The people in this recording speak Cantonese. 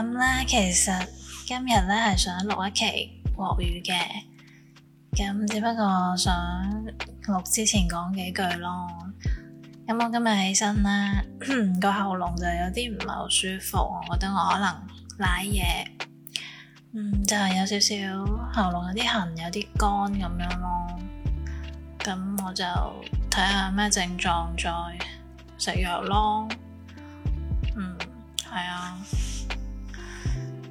咁咧，其實今日咧係想錄一期國語嘅，咁只不過想錄之前講幾句咯。咁我今日起身啦，個喉嚨就有啲唔係好舒服，我覺得我可能瀨嘢，嗯就係有少少喉嚨有啲痕，有啲乾咁樣咯。咁我就睇下咩症狀再食藥咯。嗯，係啊。